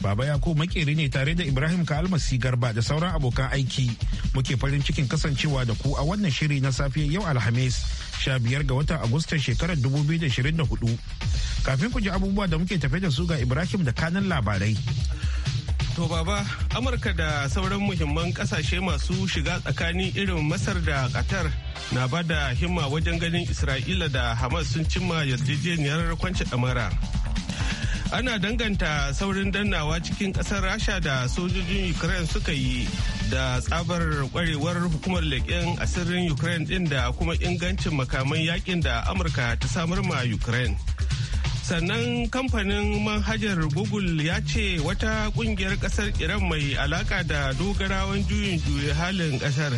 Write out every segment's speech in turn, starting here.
Baba Yakubu makeri ne tare da Ibrahim Kalmasi Garba da sauran abokan aiki. Muke farin cikin kasancewa da ku a wannan shiri na safiyar yau Alhamis, sha biyar ga watan Agusta shekarar 2024. Kafin ku ji abubuwa da muke tafe da su ga Ibrahim da kanan labarai. To baba, Amurka da sauran muhimman kasashe masu shiga tsakani irin Masar da Qatar na ba da himma wajen ganin Isra'ila da Hamas sun cimma yarjejeniyar kwance damara ana danganta saurin dannawa cikin kasar rasha da sojojin ukraine suka yi da tsabar kwarewar hukumar leƙen asirin ukraine din da kuma ingancin makaman yakin da amurka ta samar ma ukraine sannan kamfanin manhajar google ya ce wata kungiyar kasar iran mai alaka da dogarawan juyin juya halin kasar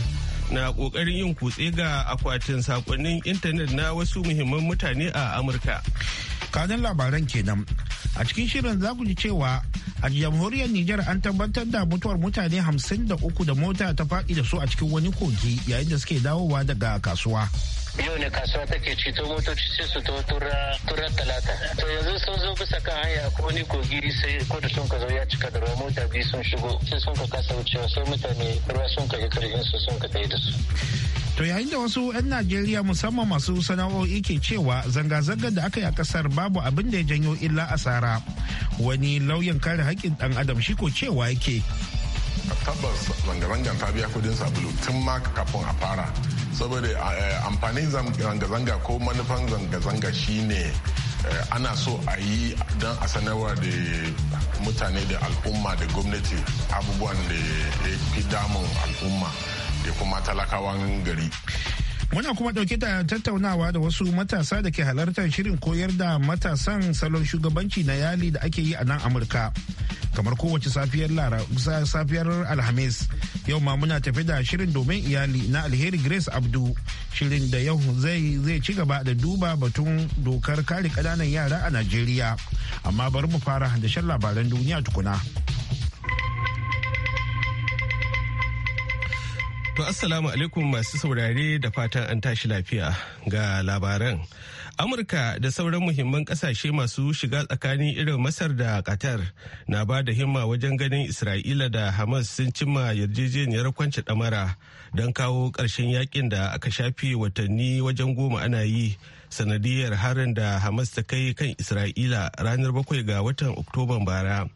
na kokarin yin kutse ga akwatin sakonnin intanet na wasu muhimman mutane a amurka kanin labaran kenan a cikin shirin za ku ji cewa a jamhuriyar Nijar an tabbatar da mutuwar mutane 53 da mota ta faɗi da su a cikin wani kogi yayin da suke dawowa daga kasuwa. yau ne kasuwa take cito motoci sai su to tura talata to yanzu sun zo bisa kan hanya ko ni kogi sai ko da sun ka zo ya cika da ruwa mota biyu sun shigo sai sun ka kasa wucewa sai mutane ruwa sun ka karfin su sun ka tsaye da su To yayin da wasu 'yan Najeriya musamman masu sana'o'i ke cewa zanga-zangar da aka yi a kasar babu abin da ya janyo illa asara. Wani lauyan kare haƙƙin ɗan adam shi ko cewa yake. Tabbas zanga-zangar ta biya kudin sabulu tun ma kafin a fara. saboda eh, amfanin zanga-zanga ko manufan zanga-zanga shine eh, ana so a yi don a sanarwa da mutane da al'umma da gwamnati abubuwan da ya fi damun al'umma da kuma talakawan gari Muna kuma ɗauke da tattaunawa da wasu matasa da ke halartar shirin koyar da matasan salon shugabanci na yali da ake yi a nan Amurka. Kamar kowace safiyar Alhamis, yau ma muna tafi da shirin domin iyali na alheri Grace Abdu. Shirin da yau zai zai ci gaba da duba batun dokar kare ƙananan yara a Najeriya. Amma bari mu fara da shan labaran duniya tukuna. To Assalamu alaikum masu saurare da fatan an tashi lafiya ga labaran. Amurka da sauran muhimman kasashe masu shiga tsakanin irin Masar da Qatar na ba da himma wajen ganin Isra'ila da Hamas sun cimma yarjejeniyar kwanci ɗamara don kawo ƙarshen yakin da aka shafi watanni wajen goma ana yi sanadiyar harin da Hamas ta kai kan Isra'ila ranar bakwai ga watan Oktoban bara.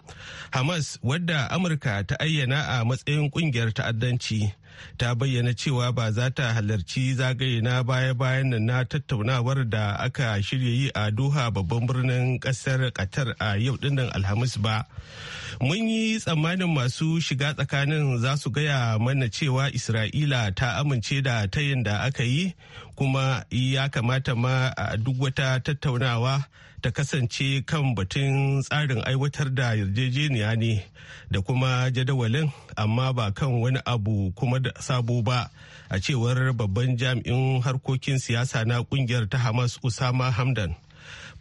Hamas wadda Amurka ta ayyana a matsayin ƙungiyar ta'addanci. ta bayyana cewa ba za ta halarci zagaye na baya-bayan nan na tattaunawar da aka shirya yi a doha babban birnin kasar qatar a yau dinnan alhamis ba mun yi tsammanin masu shiga tsakanin za su gaya mana cewa isra'ila ta amince da tayin da aka yi kuma ya kamata ma a duk wata tattaunawa ta kasance kan batun tsarin aiwatar da yarjejeniya ne da kuma jadawalin amma ba kan wani abu kuma da sabo ba a cewar babban jami'in harkokin siyasa na kungiyar ta hamas usama hamdan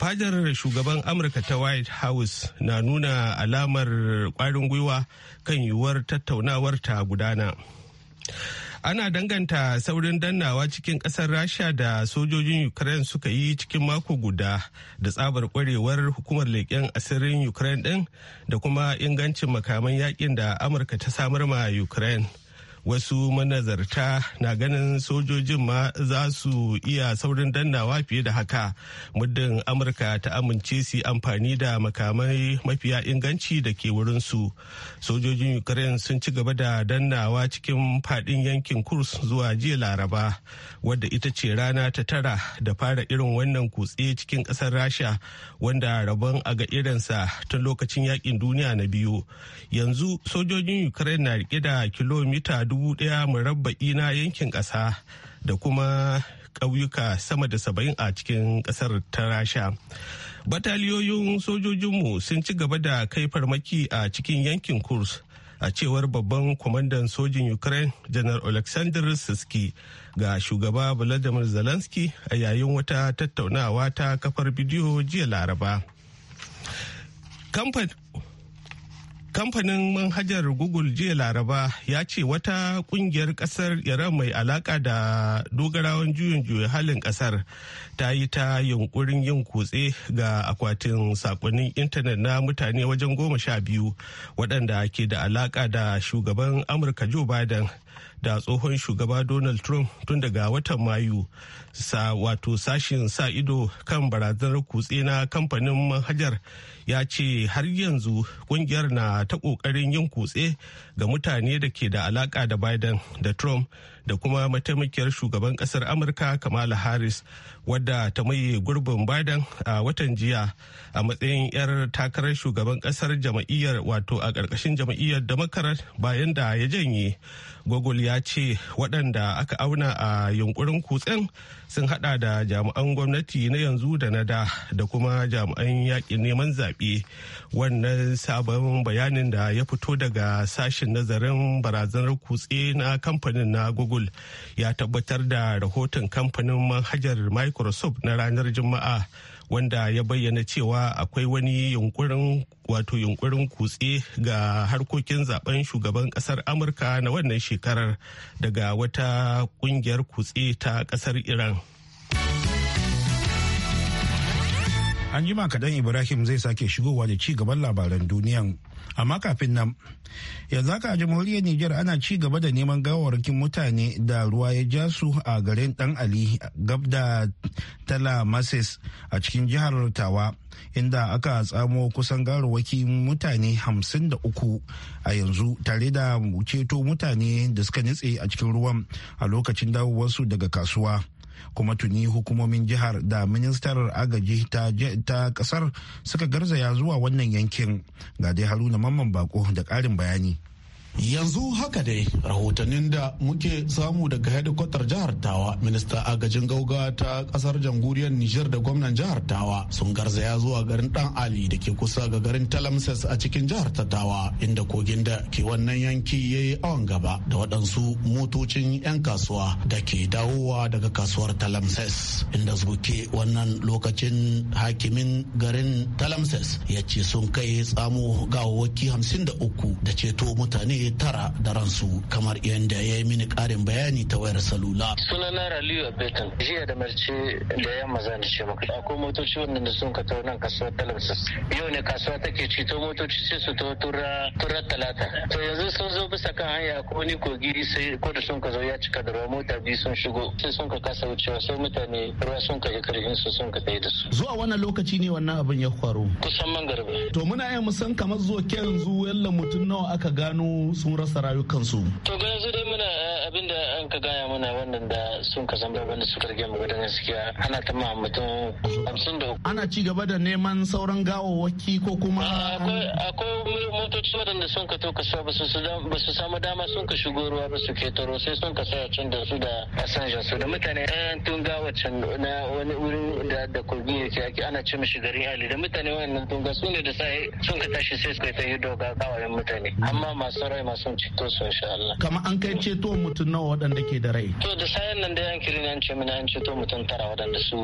fadar shugaban amurka ta white house na nuna alamar kwarin gwiwa kan yiwuwar tattaunawar ta gudana ana danganta saurin dannawa cikin kasar rasha da sojojin ukraine suka yi cikin mako guda da tsabar kwarewar hukumar leƙen asirin ukraine ɗin da kuma ingancin makaman yakin da amurka ta samar ma ukraine wasu manazarta na ganin sojojin ma za su iya saurin dannawa fiye da haka muddin amurka ta amince su amfani da makamai mafiya inganci da ke wurinsu sojojin ukraine sun ci gaba da dannawa cikin fadin yankin kurs zuwa jiya laraba wadda ita ce rana ta tara da fara irin wannan kutse cikin kasar rasha wanda rabon a ga irinsa tun lokacin yakin duniya na biyu yanzu sojojin ukraine na rike da kilomita dubu ɗaya murabba'i na yankin ƙasa da kuma ƙauyuka sama da saba'in a cikin ƙasar ta rasha bataliyoyin sojojinmu sun ci gaba da kai farmaki a cikin yankin kurs a cewar babban kwamandan sojin ukraine janar alexander siski ga shugaba vladimir zelensky a yayin wata tattaunawa ta kafar bidiyo jiya laraba kamfanin manhajar google jiya laraba ya ce wata kungiyar kasar iran mai alaka da dogarawan juyin juya halin kasar ta yi ta yunkurin yin kutse ga akwatin sakonnin intanet na mutane wajen goma sha biyu waɗanda ke da alaka da shugaban amurka joe biden da tsohon shugaba donald trump tun daga watan mayu sa wato sashin sa ido kan barazanar kutse na kamfanin manhajar ya ce har yanzu kungiyar na ta kokarin yin kutse ga mutane da ke da alaka da biden da trump da kuma mataimakiyar shugaban kasar amurka kamala harris wadda ta maye gurbin biden a watan jiya a matsayin 'yar takarar shugaban kasar jama'iyyar wato a ƙarƙashin jama'iyyar demokrat bayan da ya janye gogol ya ce waɗanda aka auna a yunkurin kutsen sun hada da jami'an gwamnati na yanzu da na da da kuma jami'an yaƙin neman zaɓe wannan sabon bayanin da ya fito daga sashen nazarin barazanar kutse na kamfanin na gogol google ya tabbatar da rahoton kamfanin manhajar microsoft na ranar juma'a wanda ya bayyana cewa akwai wani yunkurin wato yunkurin kutse ga harkokin zaben shugaban kasar amurka na wannan shekarar daga wata kungiyar kutse ta kasar iran An jima kaɗan Ibrahim zai sake shigowa da ci gaban labaran duniyan. Amma kafin nan, yanzu haka a jamhuriyar Nijar ana ci gaba da neman gawarwakin mutane da ruwa ya ja su a garin Dan Ali Gabda da Tala Masis a cikin jihar Tawa, inda aka tsamo kusan gawarwakin mutane hamsin da uku a yanzu tare da ceto mutane da suka nitse a cikin ruwan a lokacin dawowarsu daga kasuwa. kuma tuni hukumomin jihar da ministar agaji ta kasar suka garzaya zuwa wannan yankin ga dai haruna mamman bako da ƙarin bayani yanzu haka dai rahotannin da muke samu daga hedikwatar jihar tawa minista agajin gauga ta kasar jamhuriyar nijar da gwamnan jihar tawa sun garzaya zuwa garin dan ali da ke kusa ga garin talamses a cikin jihar ta tawa inda kogin da ke wannan yanki ya yi awon gaba da waɗansu motocin 'yan kasuwa da ke dawowa daga kasuwar talamses inda suke wannan lokacin hakimin garin talamses ya ce sun kai tsamo da uku da ceto mutane tara da ransu kamar yadda ya yi mini karin bayani ta wayar salula. sunana raliyu abetan jiya da marci da yamma zan ce maka akwai motoci wanda sun ka tau nan kasuwar talabsis yau ne kasuwa take ci to motoci sai su to tura tura talata to yanzu sun zo bisa kan hanya ko ni kogi sai ko da sun ka zo ya cika da ruwa mota biyu sun shigo sai sun ka kasa wucewa sai mutane ruwa sun ka yi karfin su sun ka tsaye da su. zuwa wannan lokaci ne wannan abin ya faru. kusan man garba. to muna yin musan kamar zuwa ke yanzu yalla mutum nawa aka gano sun rasa rayukansu. To ga yanzu dai muna eh, abin da an ka gaya mana wannan da sun ka zamba wanda suka rage mu gudan gaskiya ana ta ma mutum hamsin da Ana ci gaba da neman sauran gawawwaki ko kuma. Akwai motoci waɗanda sun ka to kasuwa ba su samu dama sun ka shigo ruwa ba su ketaro sai sun ka saya can da su da asanjan su da mutane ɗayan tun gawa can na wani wurin da da kogi yake ake ana ce mishi gari hali da mutane wannan tun ga su ne da sai sun ka tashi sai su ka yi ta yi doga gawayen mutane amma masu rai yana son ceto su an kai ceto mutum nawa waɗanda ke da rai to da sayan nan dai an kiri ne an ce mana an ceto mutum tara waɗanda su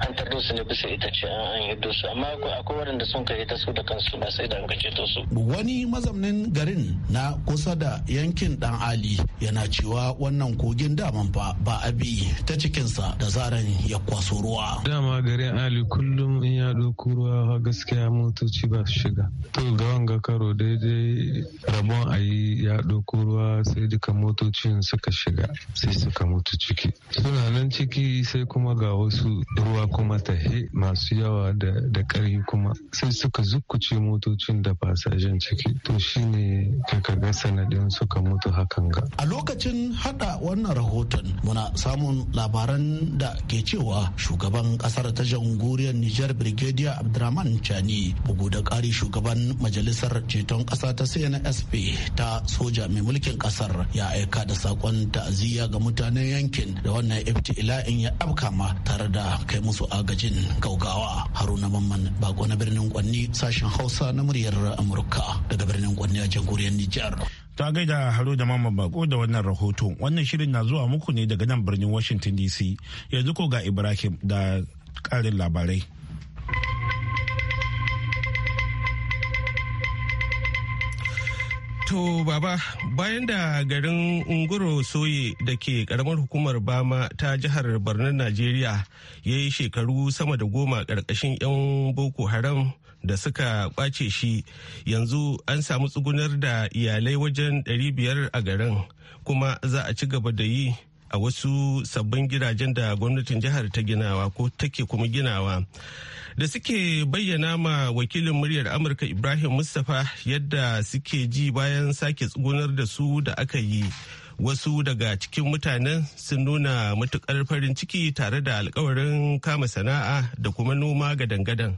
an tardo su ne bisa ita ce an yaddo su amma akwai waɗanda sun kai ta su da kansu ba sai da an ceto su wani mazaunin garin na kusa da yankin dan Ali yana cewa wannan kogin daman fa ba abi ta cikinsa da zaran ya kwaso ruwa dama garin Ali kullum in ya ɗauko ruwa gaskiya motoci ba su shiga to ga wanga karo daidai rabon ayi ya ɗauko ruwa sai duka motocin suka shiga sai suka mutu ciki suna nan ciki sai kuma ga wasu ruwa kuma tahe masu yawa da ƙarfi kuma sai suka zukuce motocin da fasajen ciki to shine kaka ga sanadin suka mutu hakan ga a lokacin hada wannan rahoton muna samun labaran da ke cewa shugaban kasar ta jamhuriyar nijar brigadier abdurrahman chani bugu da kari shugaban majalisar ceton ƙasa ta cnsp ta soja mai mulkin kasar ya aika da sakon ta'aziyya ga mutanen yankin da wannan iftila'in ya afka ma tare da kai musu agajin gaugawa haruna mamman bako na birnin kwanni sashen hausa na muryar amurka daga birnin kwanni a jamhuriyar nijar ta gaida haro da mama bako da wannan rahoto wannan shirin na zuwa muku ne daga nan birnin washington dc yanzu ko ga ibrahim da karin labarai To baba bayan da garin Nguro Soye da ke karamar hukumar Bama ta jihar Barnar Najeriya ya yi shekaru sama da goma ƙarƙashin 'yan Boko Haram da suka ɓace shi yanzu an samu tsugunar da iyalai wajen 500 a garin kuma za a ci gaba da yi a wasu sabbin gidajen da gwamnatin jihar ta ginawa ko take kuma ginawa da suke bayyana ma wakilin muryar amurka ibrahim mustapha yadda suke ji bayan sake tsugunar da su da aka yi wasu daga cikin mutanen sun nuna matukar farin ciki tare da alkawarin kama sana'a da kuma noma ga dangadan.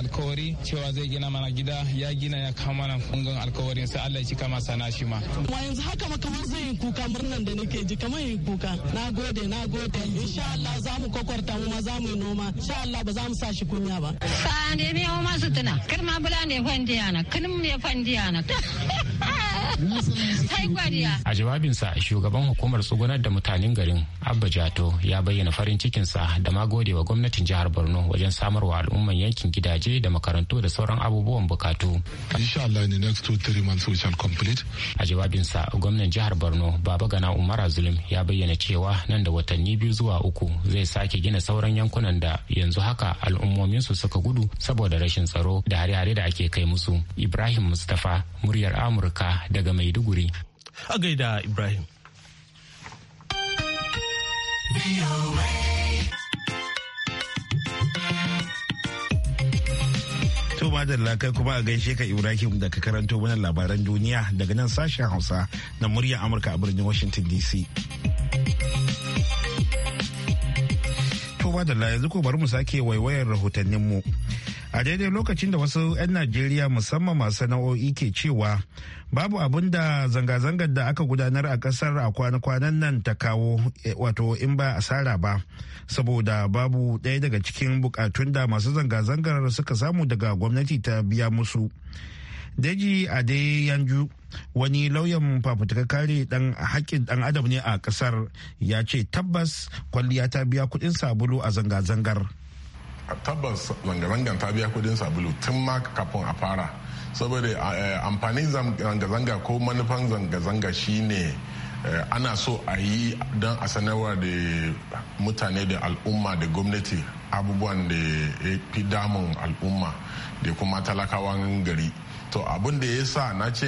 alkawari cewa zai gina mana gida ya gina ya kama mana kungan alkawarin sai Allah ya cika masa nashi shi ma. wa yanzu haka ma kamar zai yi kuka murnan da nake ji kamar yi kuka. Na gode na gode insha Allah za mu kwakwarta mu ma za mu yi noma insha Allah ba za mu sa shi kunya ba. Sa ne mai ma su tuna. Kirma bula ne fandiya na, kirma ne fandiya na. A jawabinsa shugaban hukumar tsugunar da mutanen garin Abba Jato ya bayyana farin cikinsa da magode wa gwamnatin jihar Borno wajen samarwa al'umman yankin gidaje da makarantu da sauran abubuwan bukatu. A jawabinsa gwamnan jihar Borno Baba Gana Umar Zulum ya bayyana cewa nan da watanni biyu zuwa uku zai sake gina sauran yankunan da yanzu haka al'ummominsu suka gudu saboda rashin tsaro da hare-hare da ake kai musu. Ibrahim Mustapha muryar Amurka daga daga Maiduguri. A gaida Ibrahim. To madalla kai kuma a gaishe ka Ibrahim da ka karanto mana labaran duniya daga nan sashen Hausa na muryar Amurka a birnin Washington DC. To madalla yanzu ko bari mu sake waiwayar rahotanninmu. mu. a daidai lokacin da wasu 'yan najeriya musamman masu sana'o'i ke cewa babu abin da zanga-zangar da aka gudanar a kasar a kwanan kwanan nan ta kawo eh, wato in ba asara ba saboda babu ɗaya daga cikin bukatun da masu zanga-zangar suka samu daga gwamnati ta biya musu daji yanju wani lauyan fafutuka kare dan haƙƙin dan adam ne a ƙasar ya ce tabbas kwalliya ta biya kuɗin sabulu a zanga-zangar tabbas zanga-zangan ta biya kudin sabulu tun ma kafin a fara saboda eh, eh, amfanin zanga-zanga ko manufan zanga-zanga shine eh, ana so a yi don a sanarwa da mutane da al'umma da gwamnati abubuwan da ya fi damun al'umma da kuma talakawan gari to abin da ya sa na ce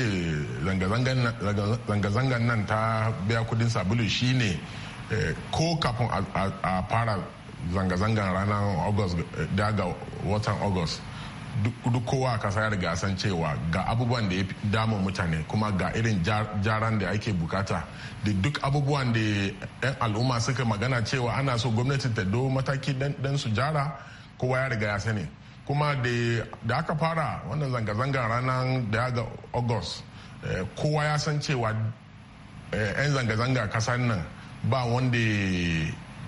zanga-zangan nan ta biya kudin sabulu shine ko kafin a fara zanga-zangan ranar august daga watan august duk kowa a kasa ya riga san cewa ga abubuwan da ya damun mutane kuma ga irin jaran da ake bukata da duk abubuwan da 'yan al'umma suka magana cewa ana so gwamnati ta do mataki don su jara kowa ya riga ya sani kuma da aka fara wannan zanga-zangar ranar daga august eh, kowa ya san cewa eh, 'yan zanga-zanga kasan nan ba wanda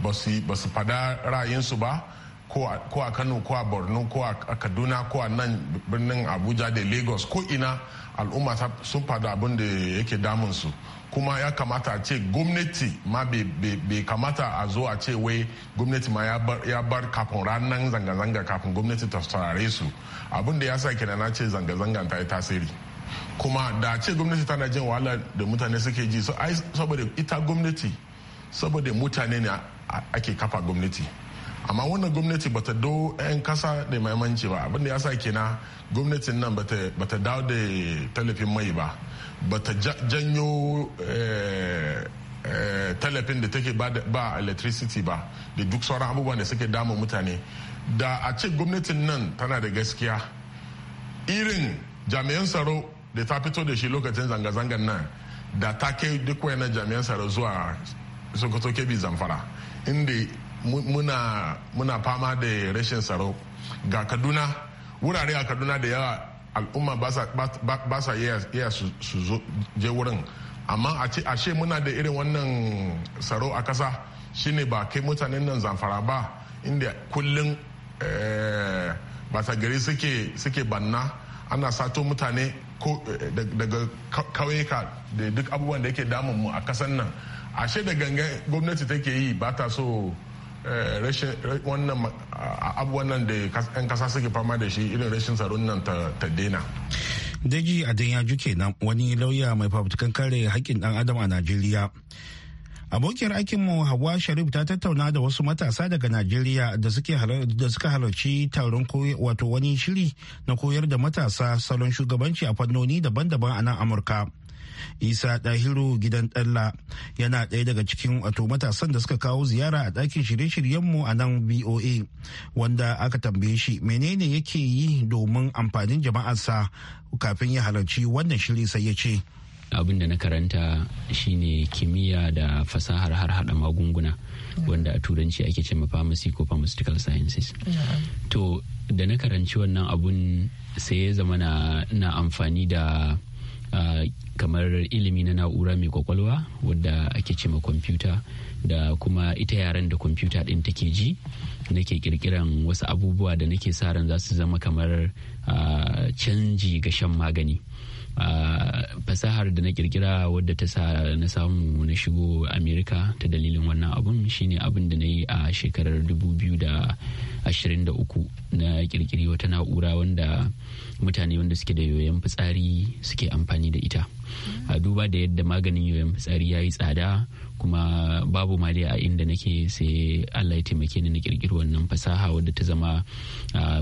ba su fada ra'ayinsu ba ko a kano ko a borno ko a kaduna ko a nan birnin abuja da lagos ko ina al'umma sun fada abin da yake damunsu kuma ya kamata a ce gwamnati ma bai kamata a zo a ce wai gwamnati ma ya bar kafin ranar zanga-zanga kafin gwamnati ta saurare su abin da ya sa kenan na ce zanga-zanga ta yi tasiri kuma da ce gwamnati tana jin wahala da mutane suke ji saboda ita gwamnati saboda mutane ne ake kafa gwamnati amma wannan gwamnati bata do 'yan kasa da maimanci ba abinda ya sa na gwamnatin nan bata dawo da talafin mai ba bata janyo eh, eh, talafin da take ba electricity ba da duk sauran abubuwan da suke damun mutane da a ce gwamnatin nan tana da gaskiya irin jami'an tsaro da ta fito da shi lokacin zanga-zangan nan da ta kai duk wayan jami'an tsaro zuwa sokoto kebi zamfara inda muna fama da rashin tsaro ga kaduna wurare a kaduna da yawa al'umma ba sa iya su je wurin amma a ce muna da irin wannan tsaro a kasa shine ba kai mutanen nan zamfara ba inda kullum eh, bata gari suke banna ana sato mutane eh, daga kauyuka da duk abubuwan da yake damun mu a kasan nan ashe da gangan gwamnati take yi ba ta so eh, wannan da 'yan kasa suke fama da shi irin rashin tsaron nan ta daina. Daji ke kenan wani lauya mai fafutukan kare haƙƙin ɗan adam a Najeriya. Abokiyar aikinmu Hawa Sharif ta tattauna da wasu matasa daga Najeriya da suka halarci taron wato wani shiri na koyar da matasa salon shugabanci a fannoni daban-daban a nan Amurka. isa dahiru gidan dalla yana ɗaya daga cikin wato matasan da suka kawo ziyara a ɗakin shirye-shiryenmu a nan voa wanda aka tambaye shi menene yake yi domin amfanin jama'arsa kafin ya halarci wannan shiri sai ya ce abin da na karanta shine kimiyya da fasahar har hada magunguna wanda a turanci ake ce ma pharmacy ko pharmaceutical sciences to da na karanci wannan abun sai ya zama na amfani da kamar ilimi na na'ura mai kwakwalwa wadda ake ce ma kwamfuta da kuma ita yaren da kwamfuta ɗin take ji nake kirkiran wasu abubuwa da nake sa ran za su zama kamar canji ga shan magani a fasahar da na kirkira wadda ta sa na samu na shigo amerika ta dalilin wannan abun shine abin da na yi a shekarar 2023 na kirkiri wata na'ura wanda mutane wanda suke da yoyon fitsari suke amfani da ita a duba da yadda maganin yoyon fitsari ya yi tsada kuma babu mali a inda nake sai allah ya taimake ni na kirkiri wannan fasaha wadda ta zama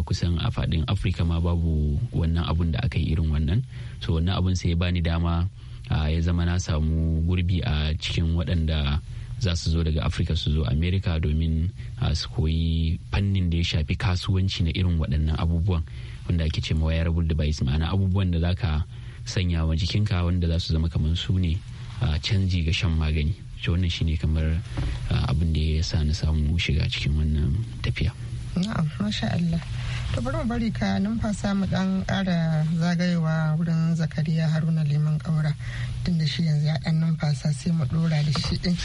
kusan a faɗin afirka ma babu wannan abun da aka yi irin wannan so wannan abun sai ya bani dama ya zama na samu gurbi a cikin waɗanda za su zo daga afirka su zo amerika domin su koyi fannin da ya shafi kasuwanci na irin waɗannan abubuwan wanda ake ce mawayar device ma'ana abubuwan da zaka sanya wa jikinka wanda za su zama kamar su ne canji ga shan magani to wannan shine kamar abin da ya sa na samu shiga cikin wannan tafiya na'am masha Allah to bari mu bari ka numfasa mu dan ƙara zagayewa wurin zakariya haruna liman kaura tun da shi yanzu ya dan numfasa sai mu dora da shi din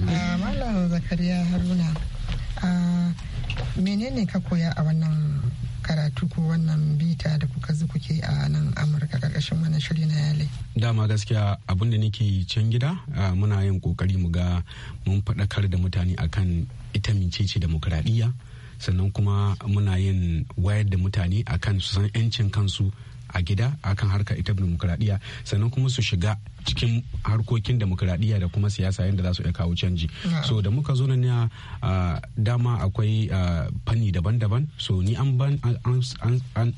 malam zakariya haruna menene ka koya a wannan karatu ko wannan bita da kuka zu kuke a nan amurka karkashin wannan shiri na yale dama gaskiya abin da nake can gida muna yin kokari mu ga mun faɗakar da mutane akan ita micece demokradiyya sannan kuma muna yin wayar da mutane akan su san 'yancin kansu a gida akan harkar ita demokuraɗiyya sannan kuma su shiga cikin harkokin demokuraɗiyya da kuma siyasa yadda za su iya kawo canji so da muka zo na dama akwai fanni daban-daban so ni an ban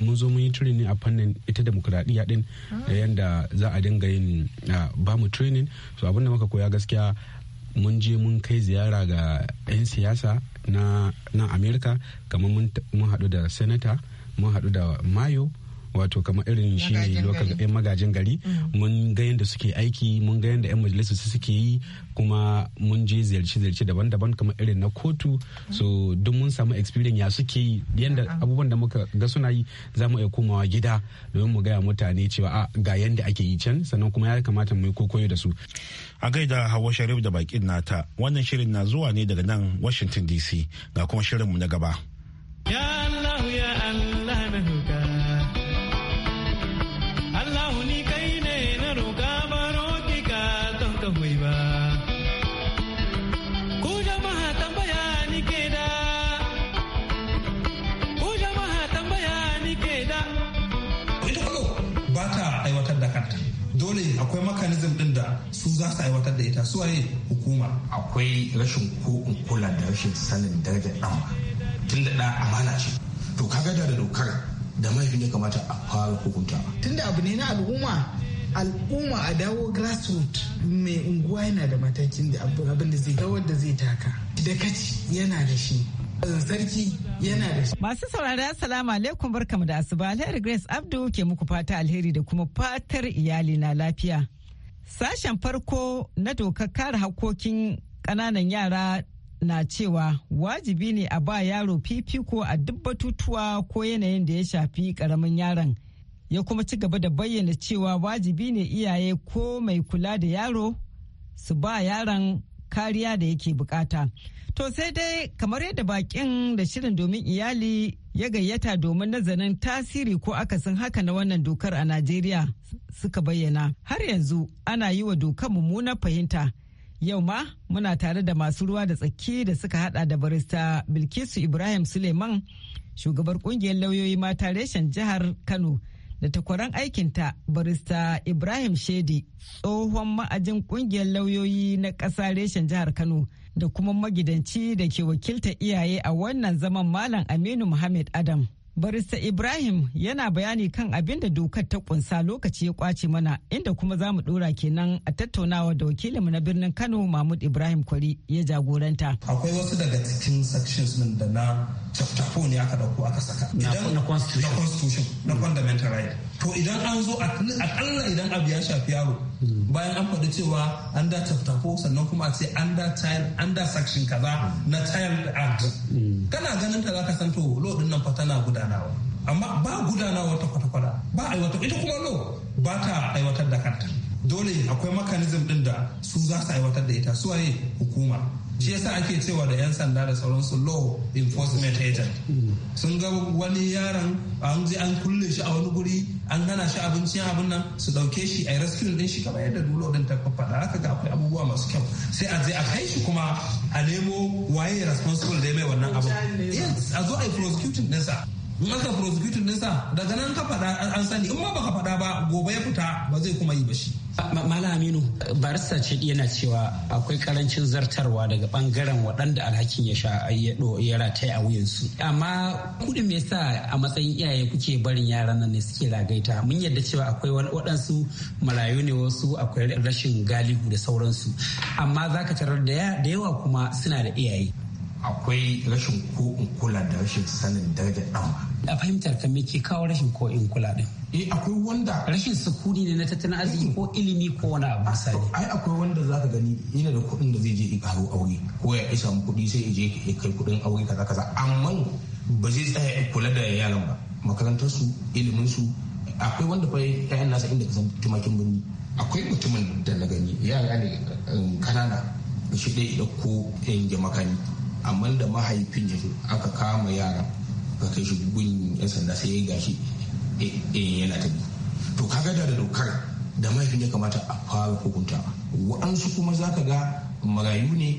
mun zo mun yi training a fannin ita demokuraɗiyya din ah. da yadda za a dinga yin ba mu training so abinda muka koya gaskiya mun je mun kai ziyara ga 'yan siyasa na amerika kamar mun haɗu da senator mun haɗu da mayo wato kamar irin shi ne yan magajin gari eh, mm. mun ga yadda suke aiki mun ga yadda yan majalisar suke yi kuma mun je ziyarci-ziyarci daban-daban kamar irin na kotu so duk mun samu experience ya suke yi yadda abubuwan da muka ga suna yi za mu iya komawa gida domin mu gaya mutane cewa a ga yadda ake yi can sannan kuma ya kamata mu yi kokoyo da su a gaida hawa sharif da bakin nata wannan shirin na zuwa ne daga nan washington dc ga kuma shirinmu na gaba ya allah ya allah za su aiwatar da ita su waye hukuma akwai rashin ko kula da rashin sanin darajar ɗan tun da da amana ce to kaga da da dokar da mahaifin ya kamata a fara hukunta tunda abu ne na al'umma al'umma a dawo grassroot mai unguwa yana da matakin da abin da zai dawo da zai taka da kaci yana da shi sarki yana da shi masu saurara assalamu alaikum barkamu da asuba alheri grace abdu ke muku fata alheri da kuma fatar iyali na lafiya Sashen farko na dokar kare hakokin ƙananan yara na cewa wajibi ne a ba yaro fifiko a duk batutuwa ko yanayin da ya shafi karamin yaron ya kuma ci gaba da bayyana cewa wajibi ne iyaye ko mai kula da yaro su ba yaron kariya da yake bukata to sai dai kamar yadda bakin da shirin domin iyali ya gayyata domin nazarin tasiri ko akasin haka na wannan dokar a Najeriya suka bayyana. Har yanzu ana yi wa dokar mummunar fahimta. Yau ma muna tare da masu ruwa da tsaki da suka hada da barista Bilkisu Ibrahim Suleiman, shugabar kungiyar lauyoyi mata reshen jihar Kano. da takwaran aikinta barista Ibrahim Shedi tsohon ma'ajin kungiyar lauyoyi na ƙasa reshen jihar Kano da kuma magidanci da ke wakilta iyaye a wannan zaman Malam Aminu Muhammad Adam. Barista Ibrahim yana bayani kan abin da dokar ta kunsa lokaci ya kwace mana inda kuma za mu dora kenan a tattaunawa da wakilinmu na birnin Kano Mahmud Ibrahim Kwari ya jagoranta. Akwai wasu daga cikin sections min da na chapter ne aka dauko aka saka. Na constitution. Na constitution. Na mm. fundamental right. to idan an zo akalla idan abu ya shafi yaro bayan an faɗi cewa an da taftafo sannan kuma a ce an da tile an da section kaza na child act kana ganin ta zaka san to lo din nan fa tana gudanawa amma ba gudanawa ta kwata-kwata ba aiwata ita kuma lo ba ta aiwatar da kanta dole akwai mechanism din da su za su aiwatar da ita su waye hukuma shi yasa ake cewa da 'yan sanda da sauransu law enforcement agent sun ga wani yaron an je an kulle shi a wani guri an hana shi abincin abin nan su dauke shi a rescue din shi kamar yadda dulo din ta faɗa haka ga akwai abubuwa masu kyau sai a je a kai shi kuma a nemo waye responsible da mai wannan abu a zo a yi prosecuting ɗinsa in prosecutor prosecuting nisa daga nan ka faɗa an sani in ma baka faɗa ba gobe ya fita ba zai kuma yi ba shi Mala Aminu barista ce yana cewa akwai karancin zartarwa daga bangaren waɗanda alhakin ya sha ya rataye a wuyansu. Amma kuɗin me sa a matsayin iyaye kuke barin yaran nan ne suke ragaita mun yadda cewa akwai waɗansu marayu ne wasu akwai rashin galihu da sauransu. Amma za ka tarar da yawa kuma suna da iyaye. akwai rashin ko in kula da rashin sanin daraja dan a fahimtar ka me ke kawo rashin ko in kula din eh akwai wanda rashin sukuni ne na tattalin arziki ko ilimi ko wani abu misali ai akwai wanda zaka gani yana da kuɗin da zai je ya karo aure ko ya isa kuɗi sai ya je ya kai kuɗin aure kaza kaza amma ba zai tsaya kula da yaran ba makarantar su ilimin su akwai wanda fa ƴaƴan nasa inda kasan tumakin birni akwai mutumin da na gani yara ne kanana eh, shi ɗaya ko yan jamakani amma da mahaifin ya aka kama yaran ka kai shi gugun yan sanda sai ya gashi eh, eh, yana tafi to kaga da da dokar da mahaifin ya kamata a fara hukuntawa waɗansu kuma za ka ga marayu ne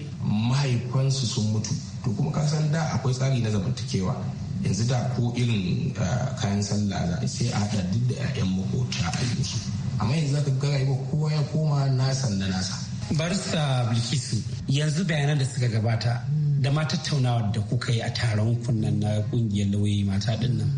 mahaifansu sun mutu to kuma ka san da akwai tsari na zamantakewa yanzu da ko irin eh, kayan sallah za sai a haɗa duk da 'ya'yan mahota a yi amma yanzu za ka ga rayuwa kowa ya koma nasa na nasa barista bilkisu yanzu bayanan da suka gabata da ma tattaunawa da kuka yi a taron kunnan na kungiyar lauyoyi mata dinnan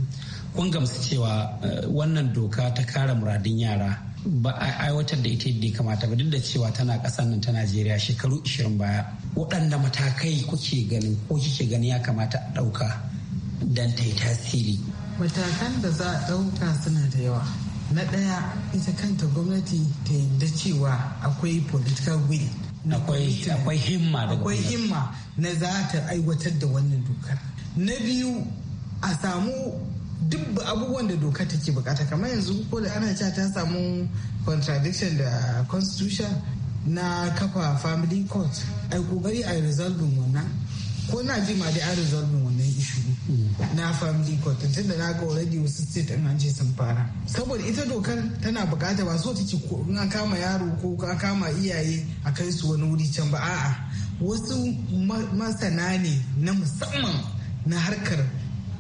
kun gamsu cewa eh, wannan doka ta kare muradin yara ba a aiwatar da ita yadda ya kamata ba duk da cewa tana kasan nan ta najeriya shekaru 20 baya waɗanda matakai kuke ganin ko kike ganin ya kamata a ɗauka don ta yi tasiri matakan da za a ɗauka suna da yawa na ɗaya ita kanta gwamnati ta yadda cewa akwai political will akwai himma akwai himma na za ta aiwatar da wannan dokar na biyu a samu duk abubuwan da doka take bukata kamar yanzu ko da ana cewa ta samu contradiction da constitution na kafa family court ai kokari a resolving wannan ko na jima dai a resolving na family court da na ga already wasu state din an ce sun fara saboda ita dokar tana bukata ba so take ko in an kama yaro ko an kama iyaye a kai su wani wuri can ba a'a wasu masana ne na musamman na harkar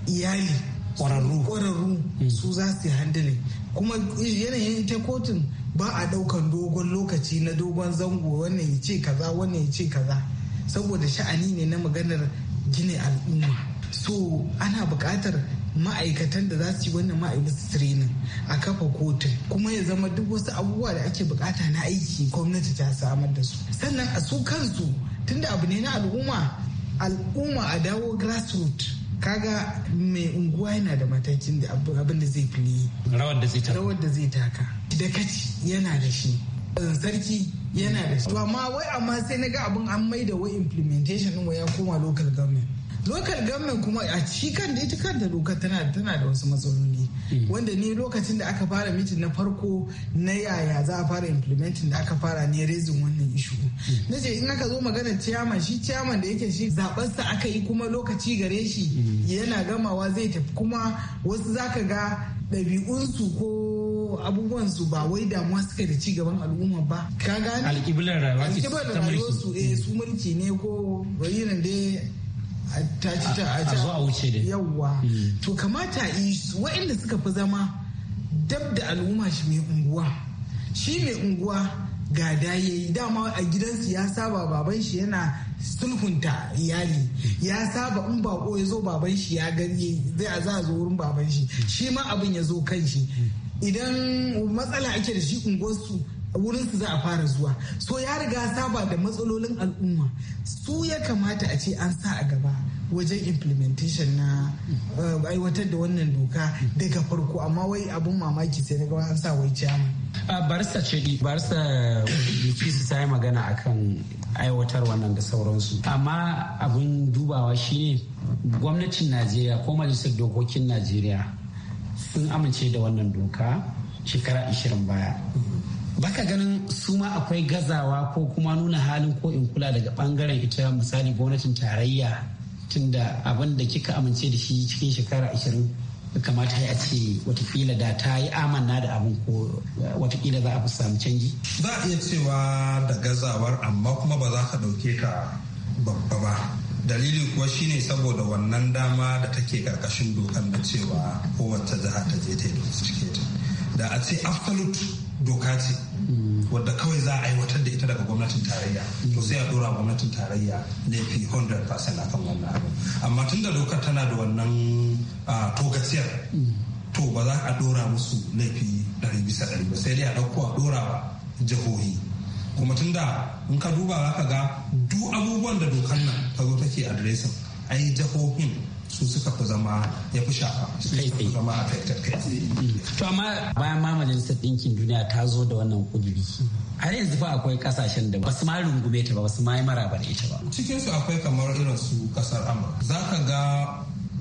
iyali kwararru kwararru hmm. su za su handle kuma yanayin ta kotun ba a daukan dogon lokaci na dogon zango wannan ya ce kaza wannan ya ce kaza saboda sha'ani ne na maganar gina al'umma so ana buƙatar ma'aikatan da za su yi wannan ma'aikatan training a kafa kotun kuma ya zama duk wasu abubuwa da ake bukata na aiki gwamnati ta samar da su sannan a su kansu tunda abu ne na al'umma al'umma a dawo grassroots kaga mai unguwa yana da matakin da abin da zai fi rawar da zai taka rawar da zai taka da kaci yana da shi sarki yana da shi amma wai amma sai na ga abin an maida wai implementation wai ya koma local government lokal government kuma a cikin da ita kanta dokar tana tana da wasu matsaloli hmm. wanda ne lokacin da aka fara mitin na farko na yaya za a fara implementing da aka fara ne raising wannan ishu hmm. na ce in aka zo magana ciyaman shi ciyaman da yake shi zaɓarsa aka yi kuma lokaci gare shi hmm. yana gamawa zai tafi kuma wasu zaka ga ɗabi'unsu ko abubuwansu ba wai damuwa suka da ci gaban al'umma ba ka gane alƙiblar rayuwa ce ta mulki eh, su mulki ne ko bayinan dai a zo a wuce da yawa hmm. to kamata waɗanda suka fi zama dab da al'umma shi mai unguwa shi mai unguwa ga yi. dama a gidansu ya saba baban shi yana sulhunta iyali ya saba in bako ya zo baban shi ya gani zai a zo wurin baban shi shi ma abin ya zo kan shi idan matsala ake da shi unguwarsu wurin su za a fara zuwa so ya riga saba da matsalolin al'umma su ya kamata a ce an sa a gaba wajen implementation na eh, aiwatar da wannan doka daga farko amma wai abun mamaki sai daga an sa wai chairman barista ce barista bikisu ta yi magana akan aiwatar wannan da sauransu amma abin dubawa shine gwamnatin najeriya ko majalisar dokokin najeriya sun amince da wannan doka shekara 20 baya baka ganin su ma akwai gazawa ko kuma nuna halin ko in kula daga bangaren ita misali gwamnatin tarayya tunda abin da kika amince da shi cikin shekara ashirin kamata ya ce watakila da ta yi amanna da abin ko eh, watakila za a fi samu canji za a iya cewa da gazawar amma kuma ba za ka dauke ta babba ba dalili kuwa shine saboda wannan dama da take karkashin dokar na cewa kowace jiha ta je ta yi da da a ce absolute doka ce wadda kawai za a aiwatar da ita daga gwamnatin tarayya to sai a dora gwamnatin tarayya ne fi 100% akan wannan abu amma tun da dokar tana da wannan togaciyar to ba za a dora musu laifi 100% ba sai dai a dauko a dora jihohi kuma tun da in ka duba za ka ga duk abubuwan da dokar nan ta zo take adiresin ai jihohin su suka fi zama ya fi shafa su suka fi zama a kai to amma bayan ma majalisar ɗinkin duniya ta zo da wannan kuduri har yanzu fa akwai kasashen da basu ma rungume ta ba basu ma yi maraba ita ba cikin su akwai kamar irin su kasar amurka ka ga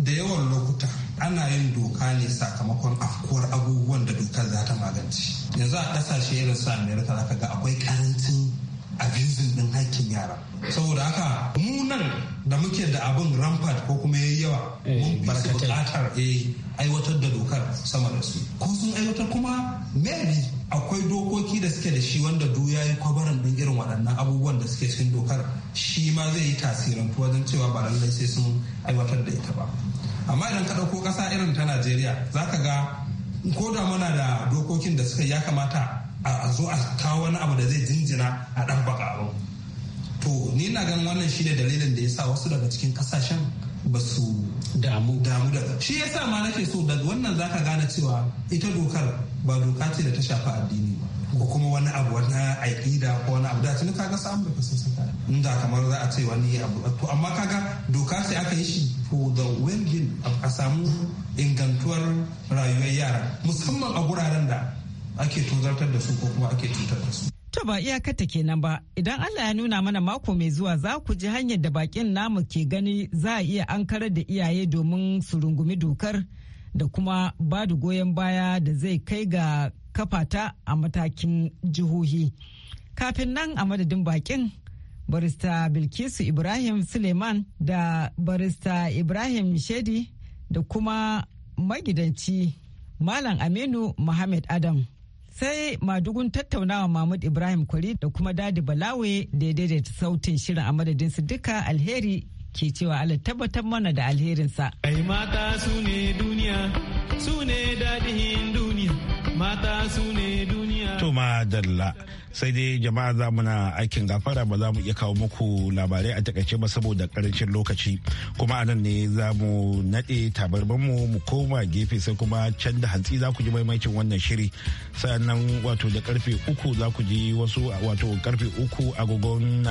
da yawan lokuta ana yin doka ne sakamakon afkuwar abubuwan da dokar za ta magance yanzu a kasashe irin su amerika ka ga akwai karancin A abusing ɗin hakkin yara saboda haka munan da muke da abin rampart ko kuma yayi yawa eh, mun fi su a aiwatar da dokar sama da su ko sun aiwatar kuma maybe akwai dokoki da suke da shi wanda du ya yi kwabaran din irin waɗannan abubuwan da suke cikin dokar shi ma zai yi tasirin wajen cewa ba lallai sai sun aiwatar da ita ba amma idan ka ɗauko ƙasa irin ta najeriya za ka ga ko da muna da dokokin da suka ya kamata a zo a kawo wani abu da zai jinjina a ɗan baka abu to ni na ganin wannan shine dalilin da ya sa wasu daga cikin kasashen ba su damu damu da shi ya sa ma nake so daga wannan zaka gane cewa ita dokar ba doka ce da ta shafi addini ba ko kuma wani abu wani aƙida ko wani abu da tuni kaga da amurka sun saka inda kamar za a ce wani abu to amma kaga doka sai aka yi shi for the well a samu ingantuwar rayuwar yara musamman a guraren da ake tozartar da su ko kuma ake cutar da su. To ba ke kenan ba, idan Allah ya nuna mana mako mai zuwa za ku ji hanyar da bakin namu ke gani za a iya ankarar da iyaye domin su rungumi dokar da kuma ba da goyon baya da zai kai ga kafata a matakin jihohi. Kafin nan a madadin bakin barista Bilkisu Ibrahim Suleiman da barista Ibrahim Shedi da kuma magidanci Malam Aminu Muhammad Adam. sai madugun tattaunawa mahmud ibrahim kwari da kuma dadi balawe da ya daidaita sautin shirin a madadin su duka alheri ke cewa ala tabbatar mana da alherinsa ai mata su ne duniya su ne dadihin duniya mata su ne duniya To ma dalla sai dai jama'a za mu na aikin gafara ba za mu iya kawo muku labarai a takaice ba saboda karancin lokaci kuma a nan ne za mu naɗe tabarbanmu mu koma gefe sai kuma can da hantsi za ku ji maimakin wannan shiri sannan wato da karfe uku za ku ji wasu wato karfe uku agogon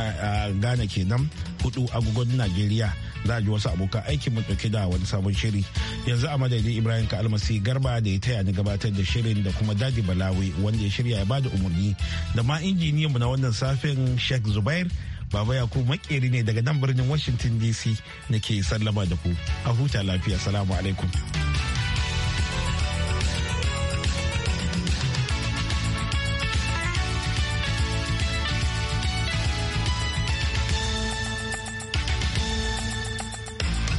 Ghana kenan hudu agogon Najeriya za a ji wasu abokan aiki mu ɗauke da wani sabon shiri yanzu a madadin Ibrahim Ka Almasi Garba da ya taya ni gabatar da shirin da kuma Dadi Balawi wanda ya shirya ya bada umarni da ma injiniyan mu na wannan safin Sheikh Zubair Baba yakub makeri ne daga nan birnin Washington DC nake sallama da ku a huta lafiya Assalamu alaikum